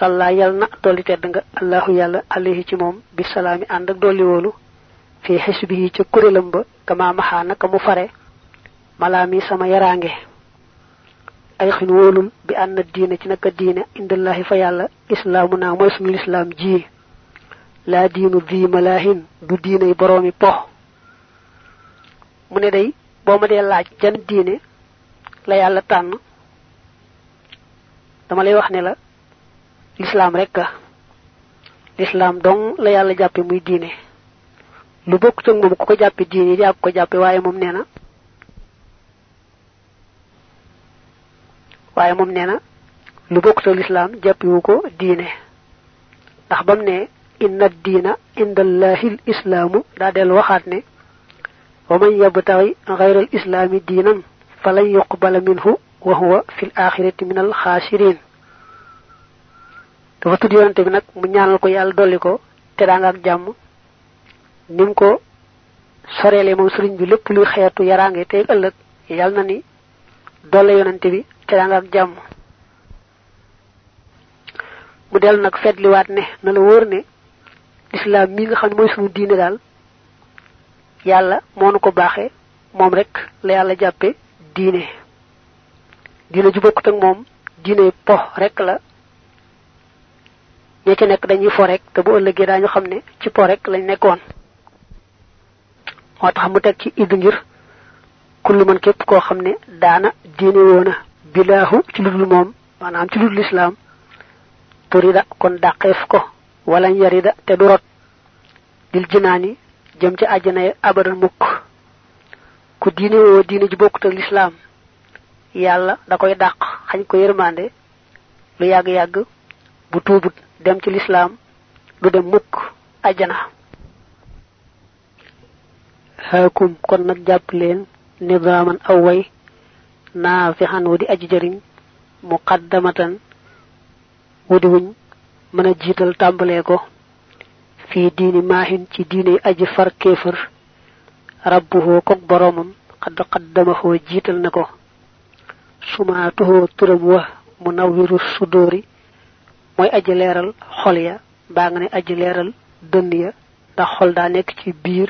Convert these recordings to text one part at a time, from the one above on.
salla yal na dolli tedd nga allahu yàlla alayhi ci moom bi salaami ànd ak dolli wóolu fi xisbihi ca kurélam ba kama maxaa naka mu fare malaami sama yarange ay xin wóolul bi ànd cina diine ci naka diine indallahi fa yàlla islaamu naa mooy sunu lislaam ji laa diinu dii malaahin du diinay boroomi pox mu day laaj jan diine la dama lay wax ne la l'islam rek l'islam dong la yalla jappé muy diiné lu bokku ci mom ku ko jappé diiné ya ko jappé waye mom néna waye mom néna lu bokku ci l'islam jappé wuko diiné ndax bam né inna ad-dina indallahi al-islamu da del waxat né wa man yabtaghi ghayra al-islami dinan falan yuqbala minhu wa huwa fil akhirati min al-khasirin dafa tudd yonante bi nag mu ñaanal ko yàlla dolli ko teraanga ak jàmm nim ko soreele moom sëriñ bi lépp luy xeetu yaraange tey ëllëg yàlla na ni dolle yonante bi teraanga ak jàmm mu del nag fetliwaat ne na la wóor ne islam mi nga xam ne mooy suñu diine daal yàlla moo nu ko baaxee moom rek la yàlla jàppe diine diine ju bokkut ak moom diine po rek la ñi ci nekk dañuy fo rek te bu ëllëgee daañu xam ne ci po rek lañ nekkoon moo tax mu teg ci idd ngir kullu man képp koo xam ne daana diine woona bilaahu ci ludul moom maanaam ci islaam turida kon dàqeef ko wala yarida te du rot dil jinaani jëm ci àjjana ya abadan mukk ku diine woo diine ji bokkut ak lislaam yàlla da koy dàq xañ ko yërmande lu yàgg-yàgg bu tuubut dem ci l'islam du dem mukk aljana hakum kon nak japp len nizaman aw way nafihan wudi aji jariñ muqaddamatan wudi wuñ mëna jital tambalé ko fi dini mahin ci dini aji far kefur rabbuhu kok boromam qad qaddamahu jital nako sumatuhu turam wa munawwiru sudori. Moy aji leral xol ya ba nga ne aji leral dënn ya da xol da nek ci biir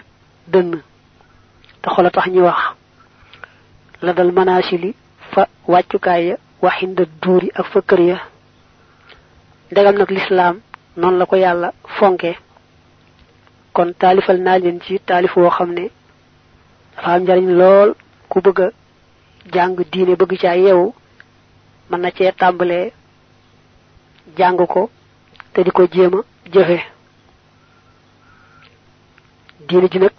dënn te xol tax ñu wax la dal manashili fa kay ya waxinda duri ak fa kër ya ndegam nak l'islam non la ko yalla fonké kon talifal na leen ci talif wo xamne ne dafa am njariñ lool ku bëgg jang diine bëgg ci man na ci jang ko te diko ko jéem Diri ji nak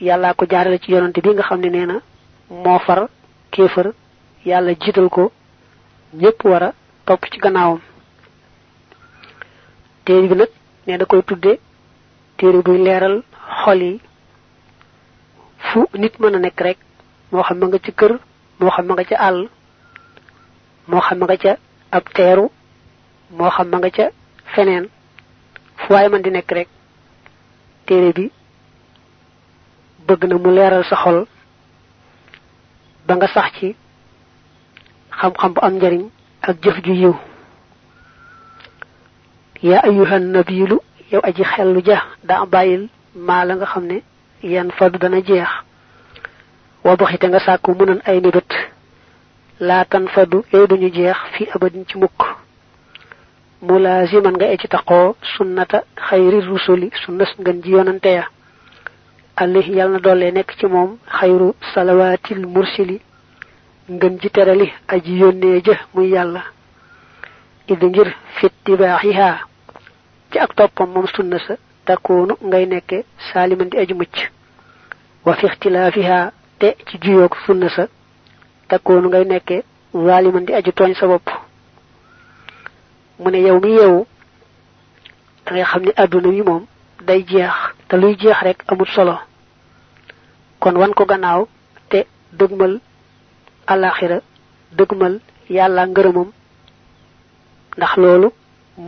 yalla ko jaarale ci yonenti bi nga xam neena mo far kefer yalla jital ko ñepp wara a ci gannaawum téere bi nak ne da koy tuddé téré bu leeral xol yi fu nit mëna nek rek mo xam nga ci kër mo xam nga ci all mo xam nga ci ab téru mo xam ma nga ca feneen fu waay man di nekk rek téere bi bëgg na mu leeral sa xol ba nga sax ci xam-xam bu am njariñ ak jëf ju yiw ya ayuha nabilu yow aji xellu ja da bàyyil maa la nga xam ne yan fadu dana jeex wa baxite nga sàkku munan ay nibët laa tan fadu yooyu duñu jeex fi abadin ci mukk mulaziman nga e ci taqoo sunnata khayri rusuli sunnas ngën ji yonante ya alih yal dolle ci moom khayru salawatil mursili ngën ji terali aji yónnee jë muy yàlla id ngir fittibaaxiha ci ak toppam moom sunna sa takkoonu ngay nekke saaliman di aji mucc wa fi ixtilaafiha te ci juyoog sunna sa takkoonu ngay nekke zaliman di aji tooñ sa mu ne yow mi yow da nga xam ni wi moom day jeex te luy jeex rek amut solo kon wan ko gannaaw te dëgmal alaxira dëgmal yàlla ngërëmam ndax loolu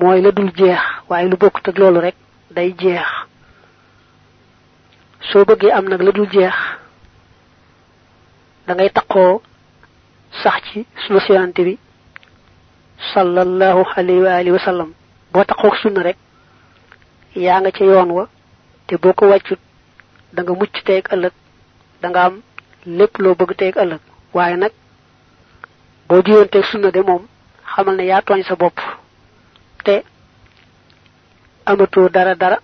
mooy la dul jeex waaye lu bokk ak loolu rek day jeex soo bëggee am nag la dul jeex da ngay taqoo sax ci sunu bi sallallahu Alaihi wa alihi wa sallam bo taxok sunna rek ya nga ci yoon wa te boko waccu da nga mucc tay ak ëlëk da nga am lepp lo bëgg ëlëk waye nak bo diyonté sunna de mom xamal ne ya togn sa bop te amato dara dara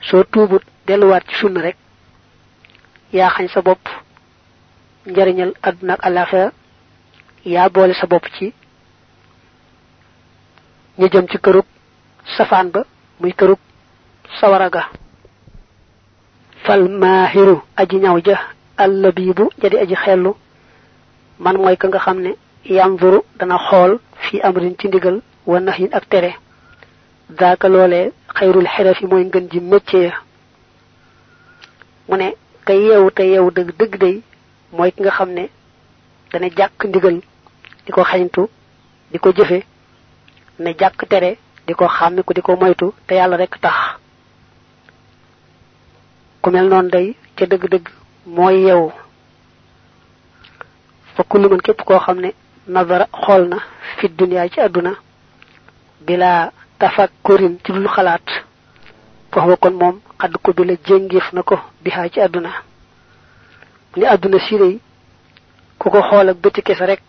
so tubut delu wat ci sunna rek ya xagn sa bop njariñal aduna ak alakhirah ya boole sa bop ci ñu jëm ci kërub safaan ba muy kërub sawaraga fal maahiru aji ñaw ja allabibu jadi aji xellu man mooy ka nga xam ne yanzuru dana xool fi amrin ci ndigal wa nahyin ak tere daaka loolee xayrul xirafi mooy ngën ji métier ya. mu ne ka yeewu te yeewu dëgg dëgg day mooy ki nga xam ne dana jàkk ndigal di ko xañtu di ko ne jàkk tere di ko xàmmiku di ko moytu te yàlla rek tax ku mel noon day ca dëgg-dëgg mooy yew fa kullu man képp koo xam ne nazara xool na fi duniyaa ci àdduna bilaa tafakkurin ci dul xalaat foofu kon moom xadd ko bi la jéngiif na ko bihaa ci àdduna ni àdduna siré yi ku ko xool ak bëti kese rek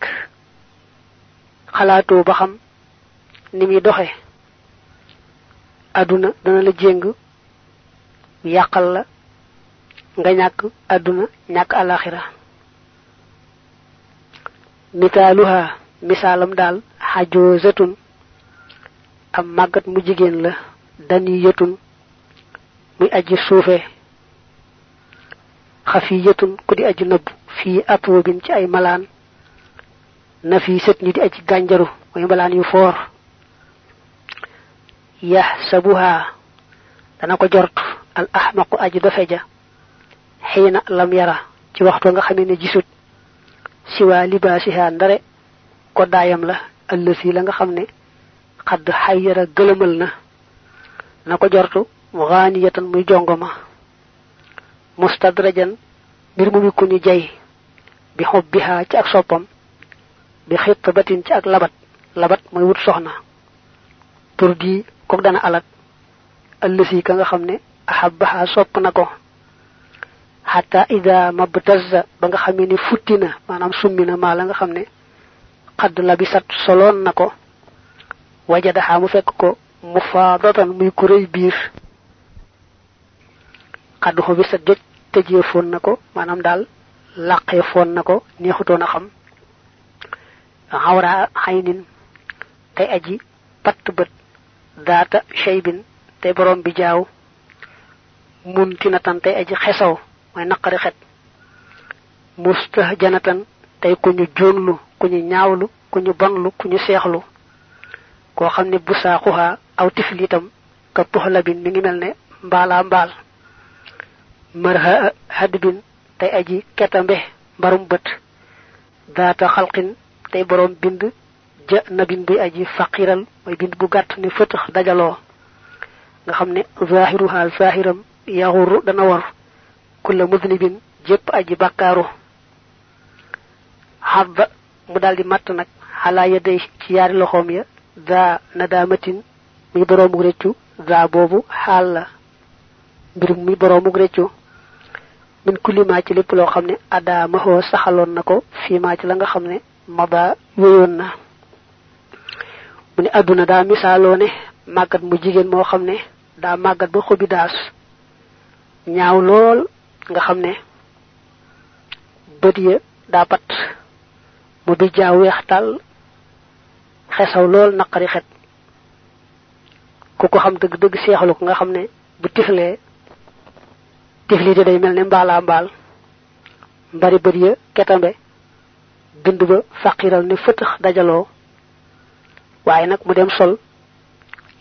xalaatoo ba xam ni muy doxé aduna dana la jeng yakal la nga ñak aduna ñàkk alakhirah. mitaluha misalam dal hajuzatun am magat mu jigen la yatun muy aji soufé khafiyatun kudi di aji fi fii atwabin ci ay malan nafisat ñu di aji ganjaru muy malan yu for yahsabuha dana ko jort al ahmaq aji dofe ja xiina lam yara ci waxtu nga xamene jisut siwa libasiha ndare ko dayam la allësi la nga xamne ne xadd xayyara gëlëmal na na ko jortu ghaniyatan muy jongoma mustadrajan bir mu wikku ni jey bi hubbiha ci ak sopam bi khitbatin ci ak labat labat muy wut soxna pour di kook dana alak allësi ka nga xam ne ahabbaha sopp na ko hatta ida mabtazza ba nga xamee ni futtina manam summina ma la nga xam ne xadd labisat solon na ko wajadaha mu fekk ko mufaadatan muy bir biir xadd xobisat joj tëjee foon na ko maanaam daal làqee foon na ko xam xawra xaynin tey aji patt bët data shaybin te borom bi jaaw muntinatan tey aji xesaw moy naqari xet mustahjanatan tey ku ñu jóonlu ku ñu ñaawlu ku ñu bonlu ku ñu seexlu ko xamne bu saaxuhaa aw tiflitam ka bin mi ngi melne mbala mbal marha hadbin aji ketambe barum beut data khalqin tey borom bind ja na bind bi aji faqiran mooy bind bu gàtt ne fëtëx dajaloo nga xam ne zahiruha zahiram yaxuru dana war kulla mudnibin jépp aji bakkaaru xabba mu daldi matt nag xalaa ya day ci yaari loxoom ya daa nadaamatin muy boroomu réccu daa boobu xaal la mbir muy boroomu réccu min kulli ma ci lépp loo xam ne adaa mahoo saxaloon na ko ci la nga xam ne mabaa na mune aduna da misalo ne magat mu jigen mo xamne da magat ba xobi das ñaaw lol nga xamne ne bët ya pat mu bi jaaw weex tàll xesaw lool naqari xet ku ko xam deug deug xeexlu nga xamne bu tiflee tifli de day melne mbala mbal bari mbari ya ketambe bind ba faqiral ne fëtëx waaye nag mu dem sol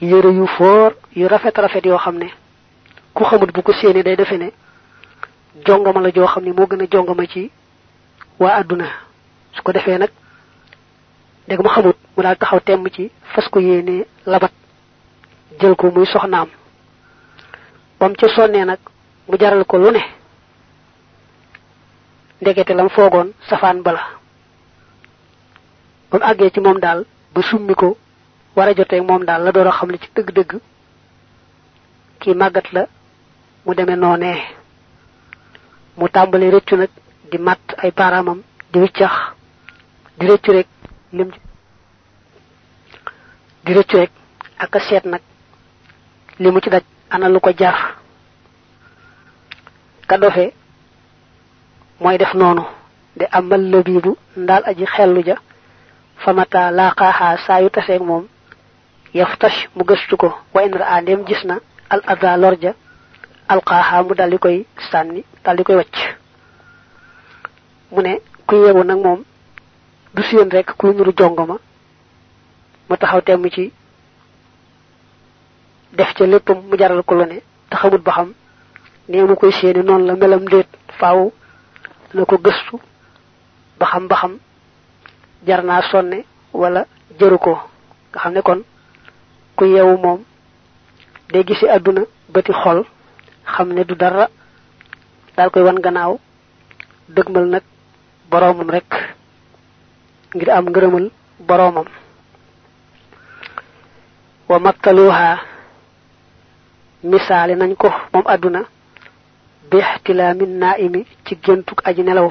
yëre yu foor yu rafet rafet yoo xam ne ku xamut bu ko seeni day defe ne jongama la joo xam ne moo gën a jongama ci waa àdduna su ko defee nag deg mu xamut mu daal taxaw temm ci fas ko yéene labat jël ko muy soxnaam bam ca sonnee nag mu jaral ko lu ne ndegete lam foogoon safaan bala bam àggee ci moom daal ba summi ko war a jotee moom daal la door a xam ne ci dëgg-dëgg kii màggat la mu demee noonee mu tàmbali rëccu nag di matt ay di wiccax di rëccu rek lim di rëccu rek ak seet nag li mu ci daj ana lu ko jaar ka dofe mooy def noonu de amal labibu ndaal aji xellu ja famata laqaha ha yu tassé mom yaftash mu gëstu ko wa in al adha lorja alqaha mu dal dikoy sanni dal wacc mu ne yewu nak mom du seen rek kuy nuru jongoma mu taxaw tem ci def ci leppam mu jaral ko lu taxamut ba neemu koy non la melam deet faaw jar naa sonne wala jëru ko nga kon ku yewu moom day gisi àdduna beti xol xam ne du dara daal koy wan gannaaw dëgmal nag boromam rek ngir am ngërëmal boromam wa makkaluha misaali nañ ko moom àdduna bi ihtilaami naaimi ci aji nelaw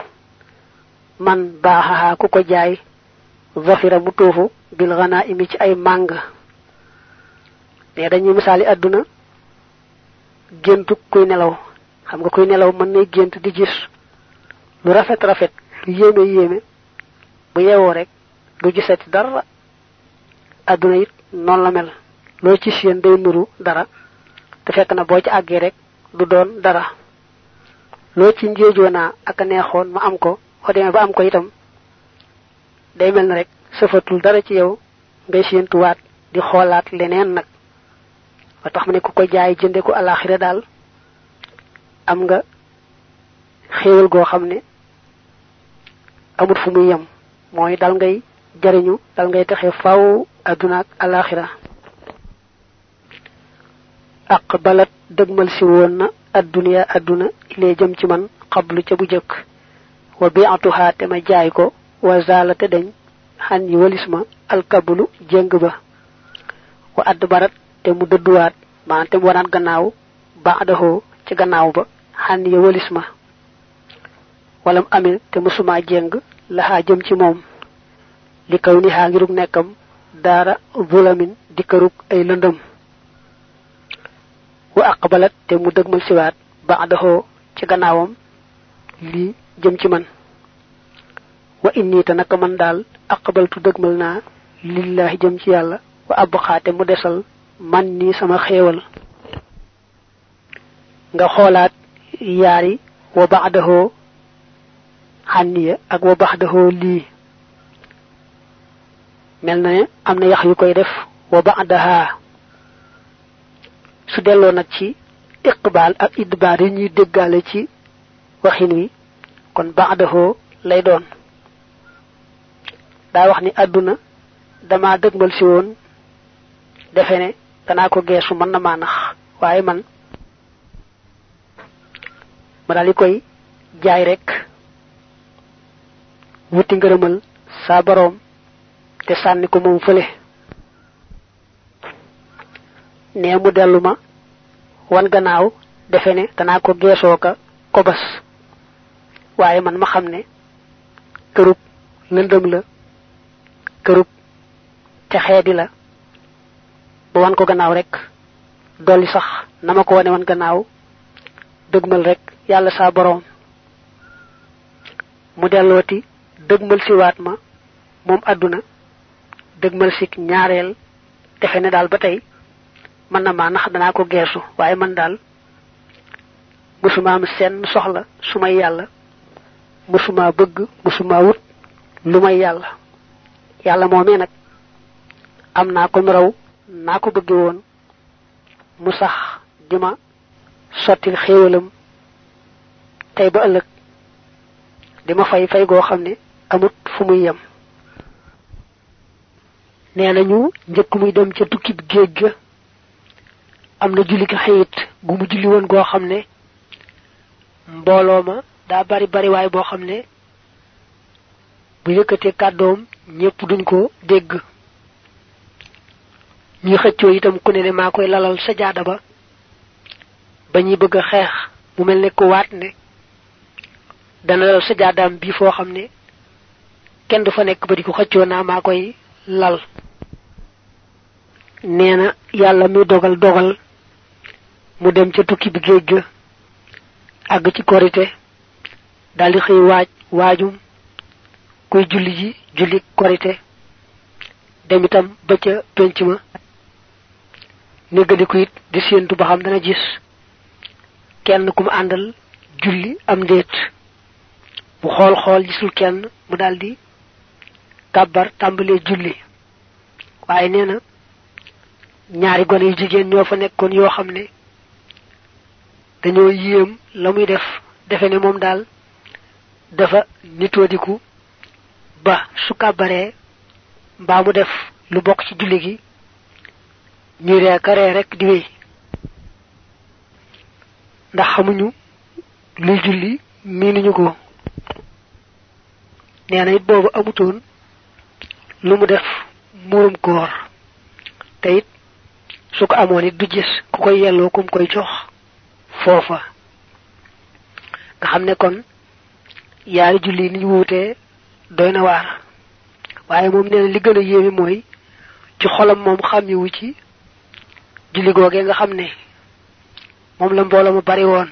man bahaha ku ko jaay zafira bu tofu bil xanaa imi ci ay manga ne dañu misali aduna gentu kuy nelaw xam nga kuy nelaw man ngay gentu di gis lu rafet rafet lu yeme yéeme bu yewo rek du gisati dara aduna it non la mel lo ci seen day nuru dara te fekk na bo ci agge rek du doon dara lo ci ak neexon ma am ko ba am ko itam day mel na rekk safatul dara ci yow ngay séentuwaat di xoolaat leneen nag ba tax mu ne ku ko jaay jënde ko alaxira daal am nga xéewal goo xam ne amut fu muy yem mooy dal ngay jariñu dal ngay taxe faw adduna ak alaxira aqbalat dëgmal si woon na adduniya adduna ilee jëm ci man xablu ca bu jëkk wa bi'atuha te ma jaay ko wa zalata dañ han yi walisma alkabulu jeng ba wa adbarat te mu dëdduwaat ba te mu wanaat gannaaw baadaho ci gannaaw ba yi walisma walam amil te musuma jeng laha jëm ci moom li kaw ni haa ngiruk nekkam daara zulamin di keruk ay lëndëm wa aqbalat te mu dëgmal siwaat baadaho ci gannaawam li jëm ci man wa inni ta naka man dal aqbaltu dëgmal lillahi jam ci yalla wa abxaate mu desal man ni sama xewal nga xoolaat yari wa ba'dahu hanniya ak wa ba'dahu li melna amna yax yu koy def wa ba'daha su delo nak ci iqbal ak idbar yi ñuy ci waxin wi kon ba'dahu lay doon daa wax ni aduna dama dëgmal si woon defe ne danaa ko geesu na man ma daal di koy jaay rek wuti ngërëmal saa boroom te sànni ko moom fële nee mu wan gannaaw defene ne ko ka kobas waaye man ma xam ne la kërub te xeedi la bu wan ko gannaaw rek dolli sax nama ko wane wan gannaaw dëgmal rek yàlla saa borom mu dellooti dëgmal si waat ma moom àdduna dëgmal si ñaareel defe ne daal ba tey man na maa nax danaa ko geesu waaye man daal musuma am seen soxla su yàlla musuma bëgg musuma wut lu may yàlla yàlla moomee nag am naa ko nu raw naa ko bëgge woon mu sax di ma sottil xéewalam tey ba ëllëg di ma fay fay goo xam ne amut fu muy yem nee nañu njëkk muy dem ca tukkib géej ga am na julli ko xëyit gu mu julli woon goo xam ne mbooloo ma daa bari bari waay boo xam ne bu yëkkatee kàddoom ñepp duñ ko dégg ñi xëccoo itam ku ne ne maa koy lalal sa jaada ba ba ñi bëgg a xeex mu mel ne ku waat ne dana lal sa jaadaam bi foo xam ne kenn du fa nekk ba di ko xëccoo naa maa koy lal nee na yàlla mi dogal dogal mu dem ca tukki bi géej ga àgg ci korite daldi xëy waaj waajum kuy julli ji julli korité dem itam ba ca penc ma néggandi ko it di séentu ba xam dana gis kenn ku mu àndal julli am déet mu xool xool gisul kenn mu daldi kàbbar tàmbalee julli waaye nee na ñaari gone yu jigéen ñoo fa nekkoon yoo xam ne dañoo yéem la muy def defe ne moom daal dafa nitoo ba su kàbbaree mbaa mu def lu bokk ci julli gi ñu rek di wéy ndax xamuñu luy julli miinuñu ko nee na it boobu amutoon lu mu def murum koor te it su ko amoon it du gis ku koy yelloo kum koy jox foofa nga xam ne kon yaari julli ni ñu doy na waar waaye moom nee na li gën a yéeme mooy ci xolam moom xàmmiwu ci julli googee nga xam ne la mbooloo mu bari woon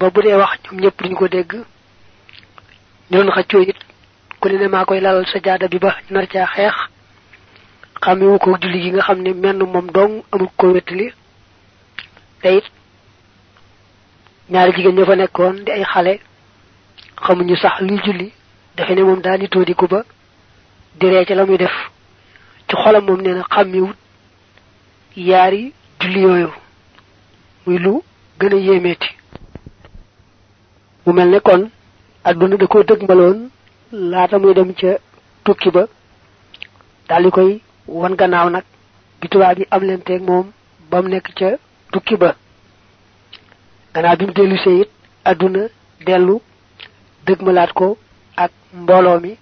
ba bu dee wax ñoom ñëpp duñ ko dégg ñu doon xaccoo it ku ne ne koy lalal sa jaada bi ba nar caa xeex xàmmiwu ko julli gi nga xam ne menn moom dong amul ko wettali te it ñaari jigéen ña fa nekkoon di ay xale xamuñu sax luy julli dafa ne moom daal di tóodiku di ree ca la muy def ci xolam moom nee na xàmmiwut yaari julli yooyu muy lu gën a yéemeeti mu mel ne kon àdduna da koo laata muy dem ca tukki ba daal di koy wan gannaaw nag bi tubaab yi am leen teeg moom ba mu nekk ca tukki ba gannaaw bi mu dellusee it àdduna dellu dëgmalaat ko ak mbooloo mi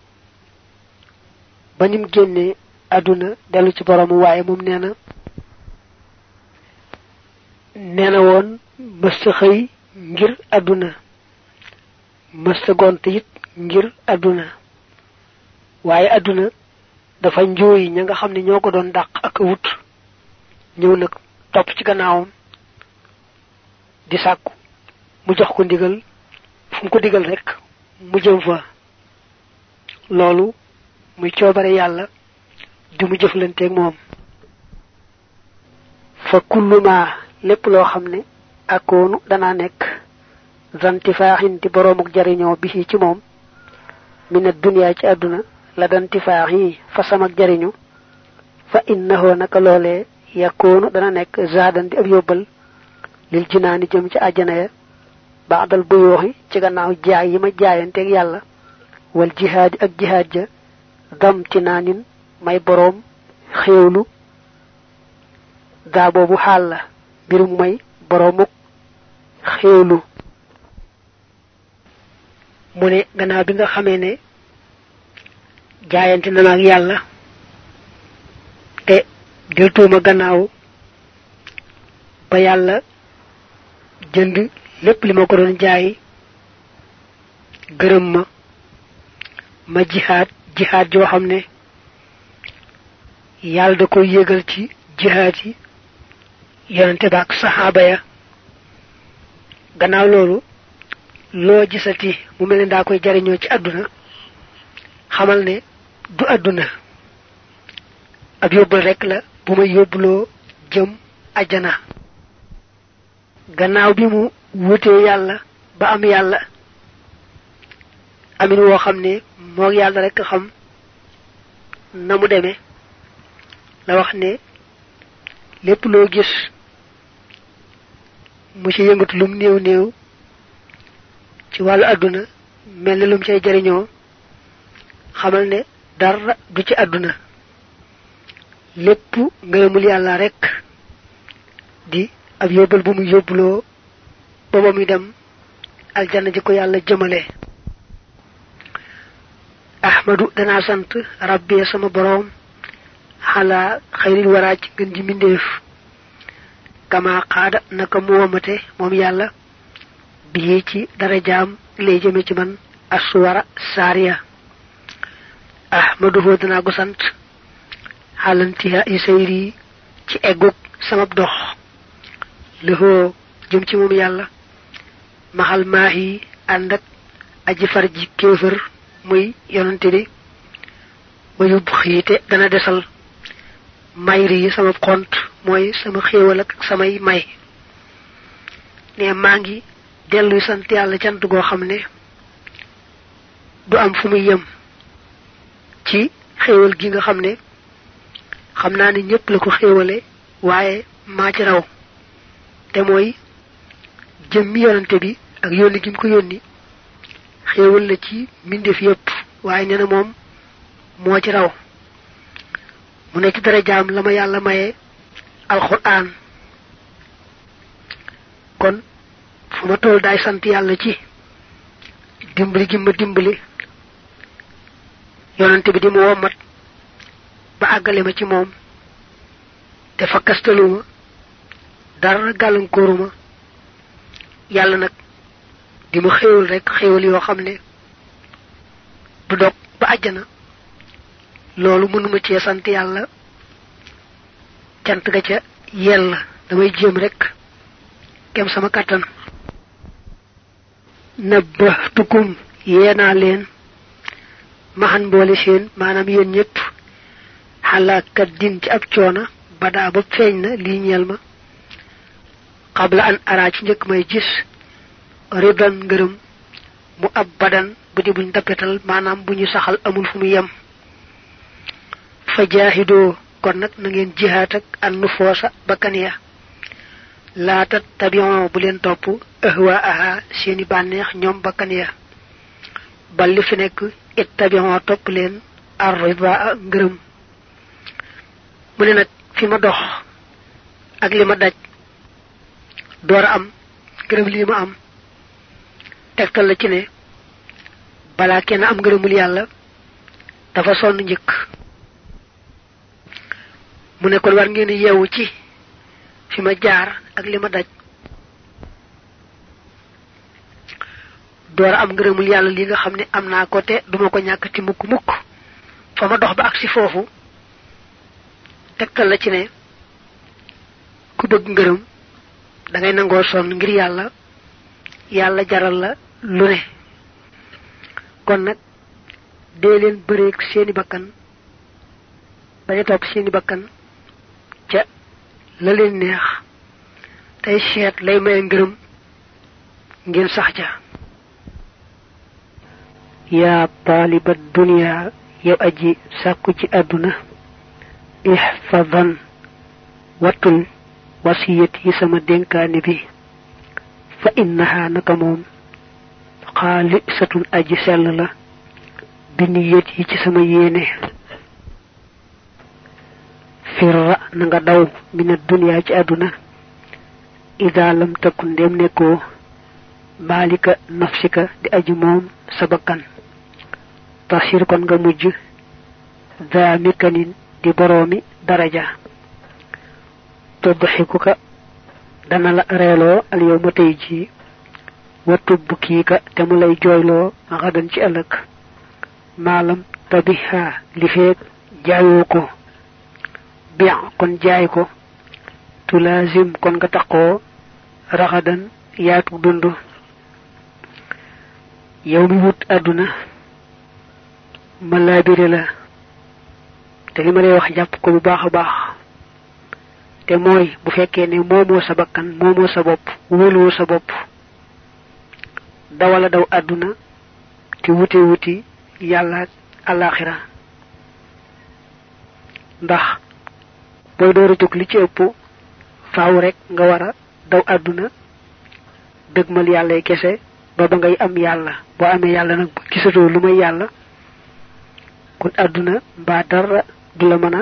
ba nim génnee àdduna dellu ci boroomu waaye moom nee na nee na woon mësta xëy ngir àdduna mësta gont it ngir àdduna waaye àdduna dafa yi ñu nga xam ne ñoo ko doon dàq ak wut ñëw nag topp ci gannaawam di sàkku mu jox ko ndigal fu mu ko digal rek mu jëm fa loolu muy coobare yàlla ju mu jëflanteeg moom fa kulluma lépp loo xam ne akoonu danaa nekk zantifaaxin di boroomuk jariñoo bi ci moom mina duniyaa ci àdduna la dantifaax yi fa samak jariñu fa innahoo naka loolee yàkkoonu dana nekk zaadan di ab yóbbal lil jinaani jëm ci àjjana ya baax dal bu yooxi ci gannaaw jaay yi ma jaayanteeg yàlla wal jihaad ak jihaad ja damtinaanin may boroom xéewlu daa boobu xaal la mbirum may boroomuk xéewlu mu ne gannaaw bi nga xamee ne jaayante na ak yàlla te deltuuma gannaaw ba yàlla jënd lépp li ma ko doon jaay gërëm ma ma jihad jihad joo xam ne da koy yegal ci jihaad yi yonente ba ak ya gannaaw loolu loo gisati mu mel da daa koy jariñoo ci aduna xamal ne du aduna ab yobul rek la bu yoblo jëm aljana gannaaw bi mu wute yalla ba am yalla. amin woo xam ne moo yàlla rek xam na mu demee la wax ne lépp loo gis mu ci yëngatu lum néew néew ci wàllu àdduna mel ni lum cay jariñoo xamal ne dara du ci àdduna lépp ngërëmul yàlla rek di ab yóbbal bu mu yóbbuloo ba ba muy dem aljanna ji ko yàlla jëmale ahmadu dana sant rabbi sama borom ala khairil wara ci gën ji mindeef kama qaada naka mu wamate moom yàlla bi ci dara jaam lay jëme ci man aswara sariya ahmaduhu dana ko sant halantiha isayri ci egguk samab dox leho jëm ci moom yàlla mahal mahi ànd aji far ji muy yonante bi ba yóbbu xiite dana desal mayri yi sama compte mooy sama xéewal ak samay may ne maa ngi delluy sant yàlla cant goo xam ne du am fu muy yem ci xéewal gi nga xam ne xam naa ne ñépp la ko xéewale waaye maa ci raw te mooy jëmmi yonante bi ak yónni gi mu ko yónni xewal la ci mbindeef yépp waaye nee na moom moo ci raw mu ne ci dara jaam la ma maye alquran kon fu ma toll daay sant yàlla ci dimbali gi ma dimbali yonante bi di mu womat ba àggale ma ci moom te fakkastalu ma dara yàlla nag gi mu xewul rek xewal yoo xam ne du dog ba àjjana loolu mënuma cee sant yàlla cant ga ca yell damay jéem rek kem sama kàttan nabbahtukum yeenaa leen maxan boole seen maanaam yéen ñëpp xalaakat din ci ab coona badaa ba feeñ na lii ñeel ma qabla an araa ci njëkk may gis ridan ngeureum mu abadan bu di buñ dappetal manam buñu saxal amul fumu yam yem fa jaahidoo kon nak na ngeen jihad ak an nufusa bakaniya ya tattabi'u bu len top ahwaaha aha seeni banex ñom bakaniya ya bal li fi nek ittabi'u top len ar ngërëm ngeureum mune nak fi ma dox ak lima daj door am gërëm li ma am tektal la ci ne bala kenn am ngërëmul yàlla dafa sonn njëkk mu ne kon war ngeen yeewu ci fi ma jaar ak li ma daj door am ngërëmul yàlla li nga xam ne am naa ko te duma ko ñàkk ci mukk mukk fa ma dox ba ak si foofu la ci ne ku bëgg ngërëm da ngay nangoo sonn ngir yàlla yalla jaral la lu ne kon de len beure ak seeni bakkan bañ a seeni bakkan ca la len neex tay xet lay may ngeureum ngeen sax ca dunia ya aji sakku ci aduna ihfadan watun wasiyati sama dénkaane bi fa innaha naka moom xaalisatun aji sel la bi niyet yi ci sama yéene firra na nga daw mina dunia ci aduna ida lam takun dem nekkoo malika nafsika di aji moom sabakan bakkan tasir kon nga mujj daa di boroomi daraja toddoxikuka dana la relo al yow ma tey ji wa tubb kii ka te mu lay jooyloo xadan ci ëlëk maalam tabiha li feeg jaayoo ko biya kon jaay ko tulazim kon nga taqoo raxadan yaatu dund yow mi wut àdduna ma laabire la te li ma lay wax jàpp ko bu baax baax te mooy bu fekkee ne moomoo sa bakkan moomoo sa bopp wóoluwoo sa bopp dawala daw aduna te wute wuti yàlla alaxira ndax booy dooru jóg li ci ëpp faaw rek nga war daw aduna dëgmal yàlla kese ba ba ngay am yalla boo amee yalla nag gisatoo lu may yalla kon aduna mbaa dara du la mën a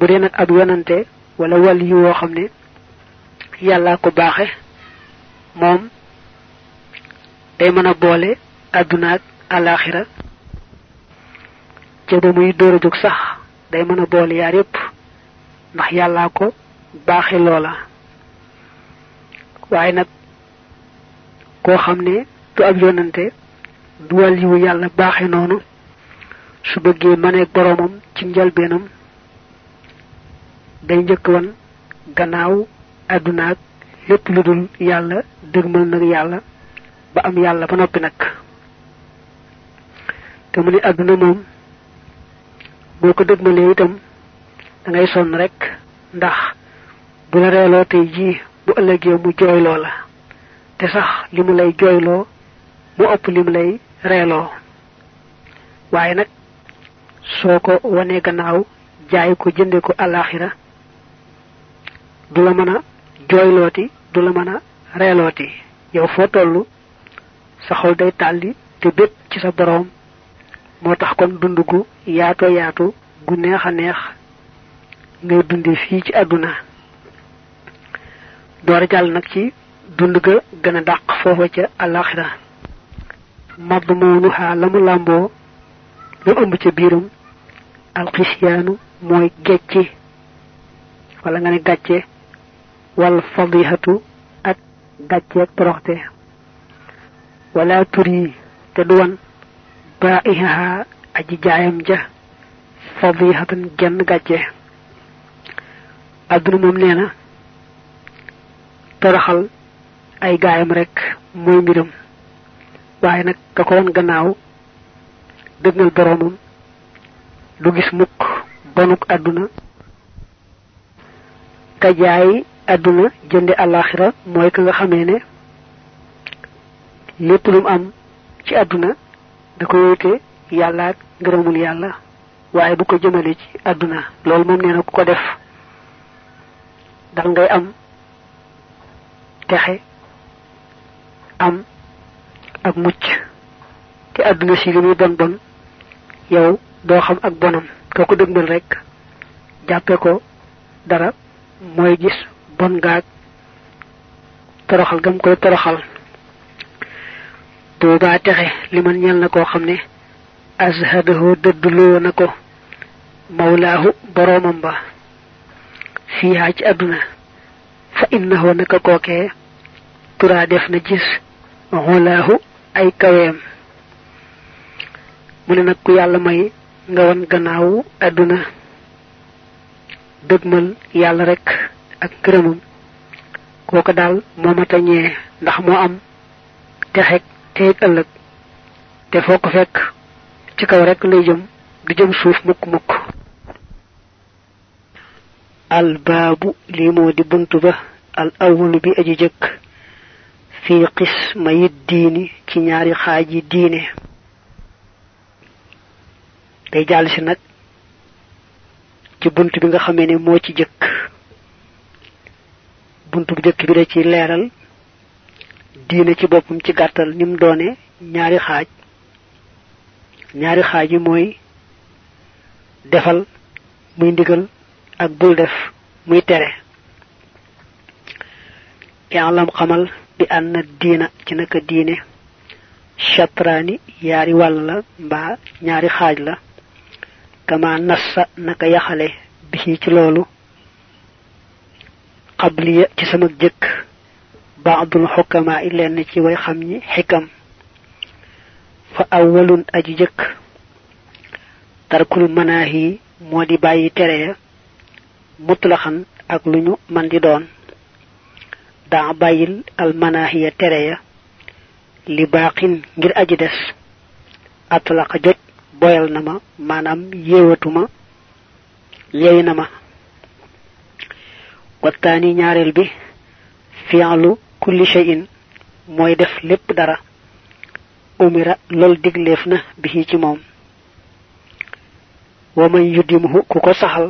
bu nak nag ab wala wàll yi woo xam mom, ko baxé mom day mëna bolé aduna ak alakhira ci do muy dooro juk sax day mëna a yar yépp ndax yalla ko baxé lola waaye nak ko xam tu du ab yonante du wàll yalla baxé nonu su bëggé mané boromam ci day njëkk won gannaaw aduna ak lépp lu dul yàlla dëgmal nag yàlla ba am yàlla ba noppi nag te mu ni aduna moom boo ko dëgmalee itam da ngay sonn rek ndax bu la reeloo tey jii bu ëllëgee mu jooyloo la te sax li mu lay jooyloo mu ëpp li mu lay reeloo waaye nag soo ko gannaaw jaay ko jënde ko alaxira du la mën a jooylooti du la mën a reelooti yow foo tollu sa xol day tàlli te bépp ci sa boroom moo tax kon dund gu yaato yaatu gu neex a neex ngay dunde fii ci àdduna door jàll nag ci dund ga gën a dàq foofa ca alaxira madd moonu xaa la mu làmboo lu ëmb ca gecci wala nga ne gàcce wal fadihatu ak gàcce ak toroxte wala turi te du baiha aji jaayam ja fadihatan genn gàcce adru mom nee na toroxal ay gaayam rek moy mbiram waye nak ka ko won gannaaw boromum lu gis mukk bonuk aduna ka jaay aduna jënde alaxira mooy ka nga xamee ne lépp lu mu am ci aduna da ko wéete yàlla ak ngërëmul yàlla waaye bu ko jëmale ci aduna loolu moom nee ku ko def dal ngay am texe am ak mucc te aduna si li muy bon bon yow doo xam ak bonam ko dëgmal rek jàppe ko dara mooy gis bon gaag toroxal gam koy toroxal boobaa texe li man ñel na koo xam ne azhadahu dëdduloo na ko mawlaahu boroomam ba fiihaa ci àdduna fa innahu naka kookee turaa def na gis xulaahu ay kaweem mu ne nag ku yàlla may nga wan gannaaw àdduna dëgmal yàlla rek ak këramam kooka daal mooma mat a ndax moo am texeeg teeg ëllëg te foo ko fekk ci kaw rek lay jëm du jëm suuf mukk mukk albaabu lii moo di bunt ba al awwalu bi aji jëkk fii xisma yi diini ci ñaari xaaj yi diine day jàll si nag ci bunt bi nga xamee ne moo ci jëkk bunt bu jëkk bi da ci leeral diine ci boppam ci gàttal nim doone ñaari xaaj ñaari xaaj yi mooy defal muy ndigal ak bul def muy tere yaalam xamal bi ànn diina ci naka diine shatraani yaari wàll la mbaa ñaari xaaj la kama nassa naka yaxale bi ci loolu qabliya ci sama jëkk ba'dul hukama ilen ci way xam ñi hikam fa awwalun aji jëkk tarkul manahi modi bayyi tere ya mutlaxan ak luñu man di doon da abayil al manahiya tere ya li baqin ngir aji des atlaqa boyal na ma manam yewatuma yeey na ma wattaani ñaareel bi fi'lu kulli shay'in mooy def lépp dara umira lool digleef na bi ci moom wa man yudimhu ku ko saxal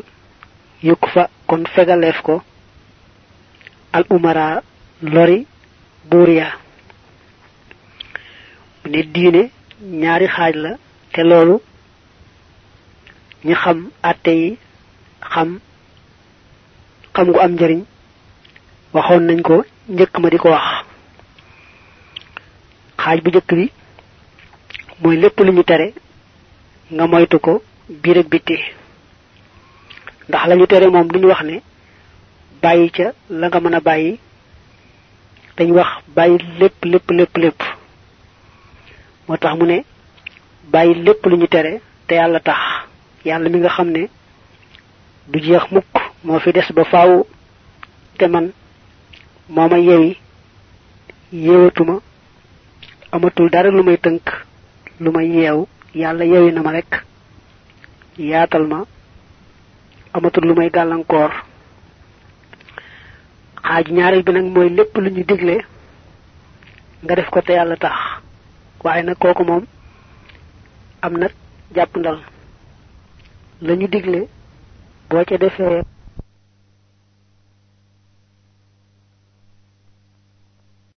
yukk fa kon fegaleef ko al umara lori buur ya ne diine ñaari xaaj la te loolu ñu xam àtte yi xam xam gu am njariñ waxoon nañ ko njëkk ma di ko wax xaaj bu njëkk bi mooy lépp lu ñu tere nga moytu ko biir ak bitti ndax lañu tere moom duñu wax ne bàyyi ca la nga mën a bàyyi dañ wax bàyyi lépp lépp lépp lépp moo tax mu ne bàyyi lépp lu ñu tere te yàlla tax yàlla mi nga xam ne du jeex mukk moo fi des ba faaw te man moo ma yewi yewatuma amatul dara lu may tënk lu may yeew yàlla ya yewi na ma rek yaatal ma amatul lu may gàllankoor xaaj ñaareel bi nag mooy lépp lu ñu digle nga def ko te yàlla tax waaye nag kooku moom am ndal la ñu digle boo ca defee